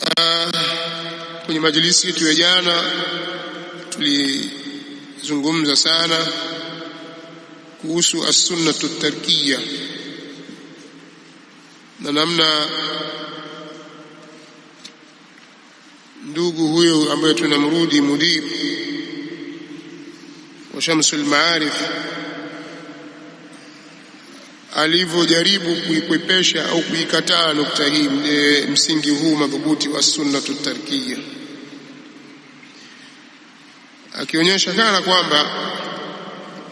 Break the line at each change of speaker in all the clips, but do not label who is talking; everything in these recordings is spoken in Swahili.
Ah, kwenye majlisi yetu ya jana tulizungumza sana kuhusu assunnatu tarkiya na namna ndugu huyo ambaye tunamrudi mudibu wa Shamsul Maarif alivyojaribu kuikwepesha au kuikataa nukta hii e, msingi huu madhubuti wa sunnatu tarkia akionyesha kana kwamba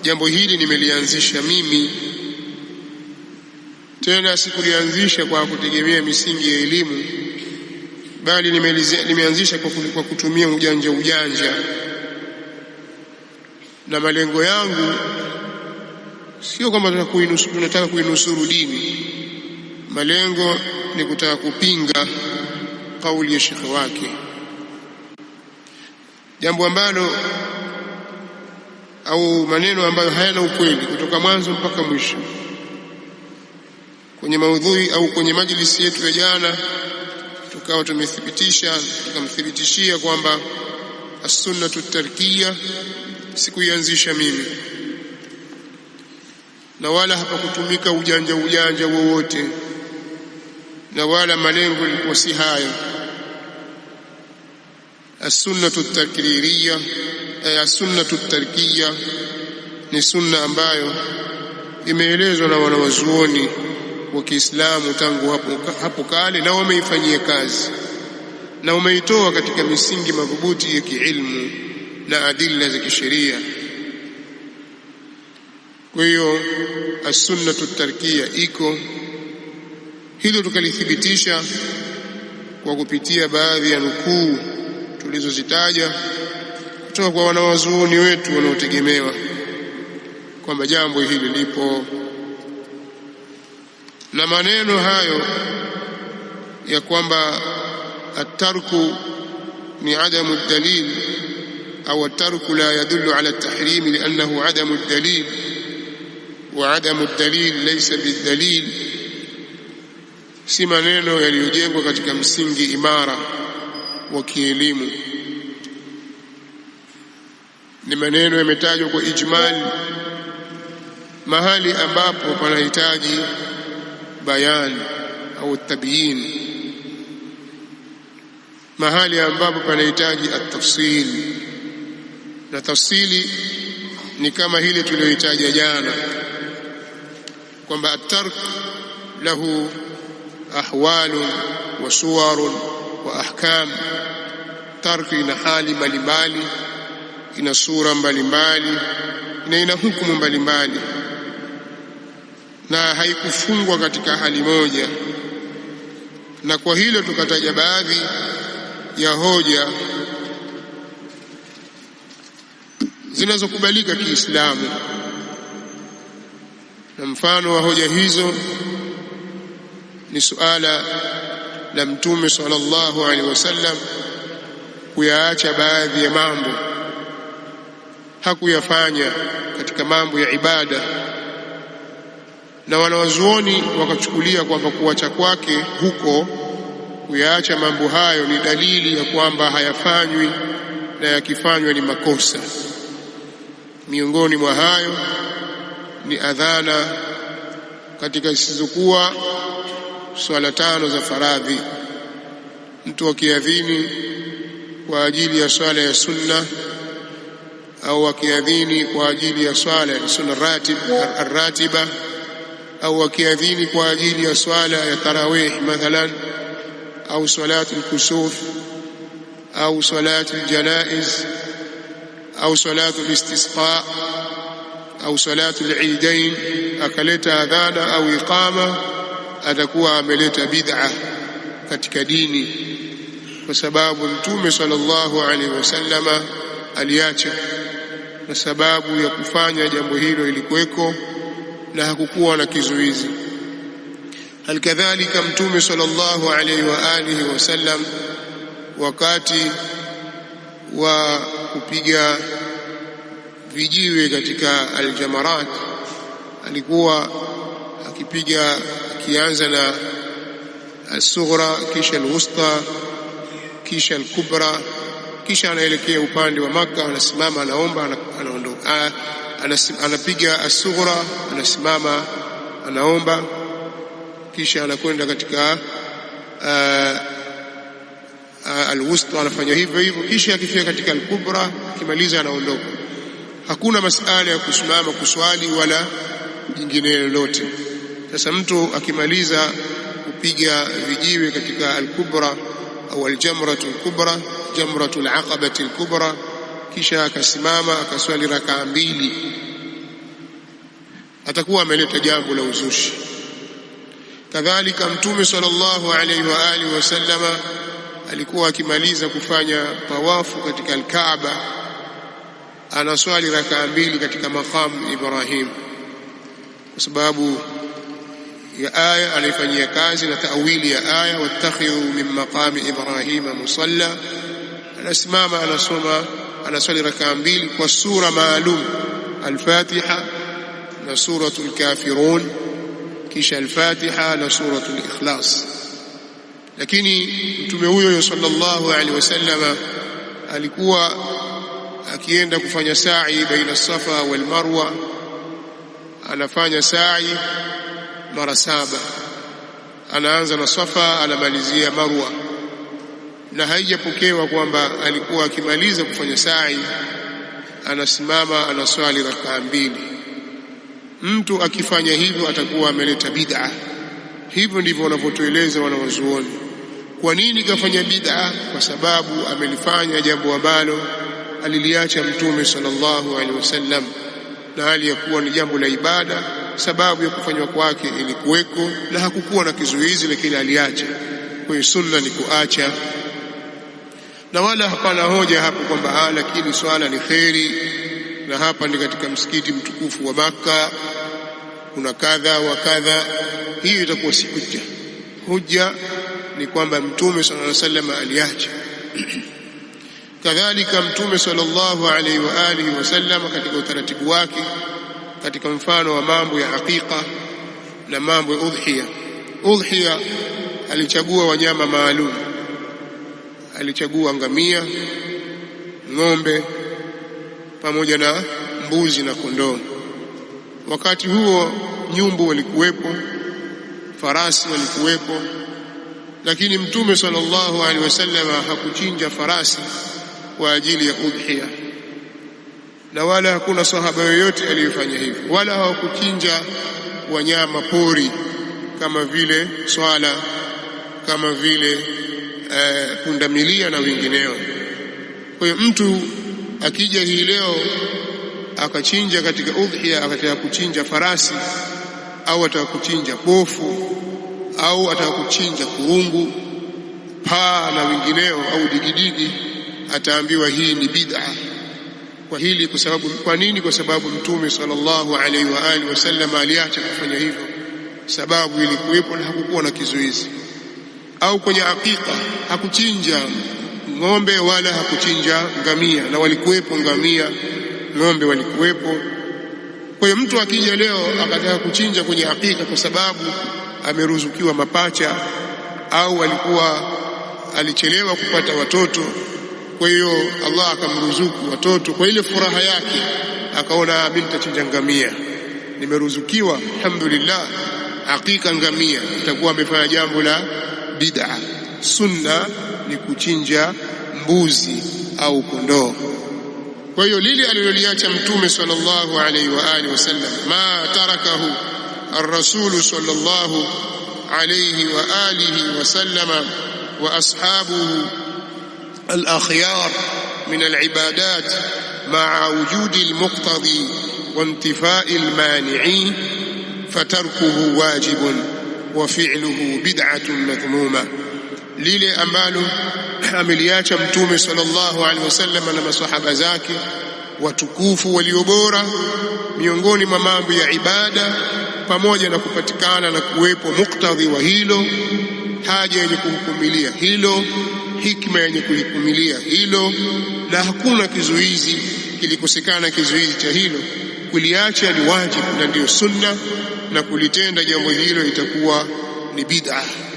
jambo hili nimelianzisha mimi, tena sikulianzisha kwa kutegemea misingi ya elimu, bali nimeanzisha kwa kutumia ujanja ujanja, na malengo yangu Sio kwamba tunataka kuinusuru dini, malengo ni kutaka kupinga kauli ya shekhe wake, jambo ambalo au maneno ambayo hayana ukweli kutoka mwanzo mpaka mwisho. Kwenye maudhui au kwenye majlisi yetu ya jana, tukawa tumethibitisha tukamthibitishia kwamba assunnatu tarkiya sikuianzisha mimi na wala hapakutumika ujanja ujanja wowote, na wala malengo yalikuwa si hayo. as at-takririya, as-sunnatu at-tarkiya ni sunna ambayo imeelezwa na wanawazuoni wa Kiislamu tangu hapo, hapo kale na wameifanyia kazi na wameitoa katika misingi madhubuti ya kiilmu na adilla za kisheria. Kwa hiyo as-sunnatu tarkia iko hilo, tukalithibitisha kwa kupitia baadhi ya nukuu tulizozitaja kutoka kwa wanawazuoni wetu wanaotegemewa kwamba jambo hili lipo, na maneno hayo ya kwamba atarku ni adamu dalil au atarku la yadullu ala tahrimi liannahu adamu dalil waadamu الدليل ليس بالدليل si maneno yaliyojengwa katika msingi imara wa kielimu, ni maneno yametajwa kwa ijmali mahali ambapo panahitaji bayani au tabyin, mahali ambapo panahitaji atafsili, na tafsili ni kama hili tuliyohitaja jana kwamba atark lahu ahwalun wa suwarun wa ahkam, tarki ina hali mbalimbali, ina sura mbalimbali na ina hukumu mbalimbali, na haikufungwa katika hali moja. Na kwa hilo tukataja baadhi ya hoja zinazokubalika Kiislamu. Na mfano wa hoja hizo ni suala la Mtume sallallahu alaihi wasallam kuyaacha baadhi ya mambo, hakuyafanya katika mambo ya ibada, na wanawazuoni wakachukulia kwamba kuacha kwake huko kuyaacha mambo hayo ni dalili ya kwamba hayafanywi na yakifanywa ni makosa. Miongoni mwa hayo ni adhana katika isizokuwa swala tano za faradhi. Mtu akiadhini kwa ajili ya swala ya sunna au akiadhini kwa ajili ya swala ya sunna ratiba au akiadhini kwa ajili ya swala ya tarawih mathalan au salati lkusuf kusuf au salati al-janaiz au salati listisqa istisqa au salatu lidain akaleta adhana au iqama, atakuwa ameleta bid'a katika dini, kwa sababu Mtume sallallahu alaihi wasallama aliacha, na sababu ya kufanya jambo hilo ilikuweko na hakukuwa na kizuizi. Halikadhalika Mtume sallallahu alaihi wa alihi wasallam wakati wa kupiga vijiwe katika aljamarat. Alikuwa akipiga akianza na alsughra, kisha alwusta, kisha alkubra, kisha anaelekea upande wa makka anasimama, anaomba, anaondoka, anapiga alsughra, anasimama, anaomba, kisha anakwenda katika alwusta, anafanya hivyo hivyo, kisha akifika katika alkubra, akimaliza anaondoka hakuna masala ya kusimama kuswali wala jingine lolote. Sasa mtu akimaliza kupiga vijiwe katika Al-Kubra au Al-Jamratu Al-Kubra, Jamratu Al-Aqabati Al-Kubra, kisha akasimama akaswali rakaa mbili, atakuwa ameleta jambo la uzushi. Kadhalika Mtume sallallahu alayhi wa alihi wasallama alikuwa akimaliza kufanya tawafu katika Al-Kaaba anaswali rakaa mbili katika makamu Ibrahim kwa sababu ya aya anaifanyia kazi na taawili ya aya, wattakhidhu min maqami Ibrahima musalla. Anasimama anasoma anaswali rakaa mbili kwa sura maalum, Alfatiha na Suratul lkafirun kisha Alfatiha na Suratul likhlas Lakini mtume huyo sallallahu alaihi wasallama alikuwa akienda kufanya sa'i baina safa wal marwa, anafanya sa'i mara saba, anaanza na safa anamalizia marwa. Na haijapokewa kwamba alikuwa akimaliza kufanya sa'i anasimama anaswali rakaa mbili. Mtu akifanya hivyo atakuwa ameleta bid'a. Hivyo ndivyo wanavyotueleza wanawazuoni. Kwa nini kafanya bid'a? Kwa sababu amelifanya jambo ambalo aliliacha Mtume sallallahu alaihi wasallam, na hali ya kuwa ni jambo la ibada, sababu ya kufanywa kwake ilikuweko na hakukuwa na kizuizi, lakini aliacha. Kwa hiyo sunna ni kuacha, na wala hapana hoja hapo kwamba ah, lakini swala ni kheri. Na hapa ni katika msikiti mtukufu wa Makka, kuna kadha wa kadha, hiyo itakuwa si hujja. Hujja ni kwamba Mtume sallallahu alaihi wasallam aliacha Kadhalika Mtume sallallahu alaihi wa alihi wasallam katika utaratibu wake katika mfano wa mambo ya aqiqa na mambo ya udhiya. Udhiya alichagua wanyama maalum, alichagua ngamia, ng'ombe pamoja na mbuzi na kondoo. Wakati huo nyumbu walikuwepo, farasi walikuwepo, lakini Mtume sallallahu alaihi wasallam hakuchinja farasi kwa ajili ya udhiya, na wala hakuna sahaba yoyote aliyofanya hivyo, wala hawakuchinja wanyama pori kama vile swala, kama vile uh, pundamilia na wengineo. Kwa hiyo mtu akija hii leo akachinja katika udhiya, akataka kuchinja farasi au ataka kuchinja pofu au ataka kuchinja kurungu, paa na wengineo au digidigi ataambiwa hii ni bid'a kwa hili. Kwa sababu kwa nini? Kwa sababu Mtume sallallahu alaihi wa alihi wasallam aliacha kufanya hivyo, sababu ilikuwepo na hakukuwa na kizuizi. Au kwenye aqiqa hakuchinja ng'ombe wala hakuchinja ngamia, na walikuwepo ngamia, ng'ombe walikuwepo. Kwa hiyo mtu akija leo akataka kuchinja kwenye aqiqa kwa sababu ameruzukiwa mapacha au alikuwa alichelewa kupata watoto kwa hiyo Allah akamruzuku watoto kwa ile furaha yake, akaona mimi nitachinja ngamia, nimeruzukiwa alhamdulillah. Hakika ngamia itakuwa amefanya jambo la bid'a. Sunna ni kuchinja mbuzi au kondoo. Kwa hiyo lile aliloliacha Mtume sallallahu alaihi wa alihi wasallam, ma tarakahu ar-rasulu sallallahu alaihi wa alihi wasallama wa ashabuhu الأخيار من العبادات مع وجود المقتضي وانتفاء المانعين فتركه واجب وفعله بدعة مذمومة ليلي أمالو أمليات متومي صلى الله عليه وسلم لما صحب زاكي وتكوف وليبورا ميونغوني ممام بي عبادة pamoja na kupatikana na kuwepo muktadhi وهيلو hilo haja yenye هيلو hikma yenye kulivumilia hilo, na hakuna kizuizi kilikosekana kizuizi cha hilo. Kuliacha ni wajibu na ndiyo sunna, na kulitenda jambo hilo itakuwa ni bid'ah.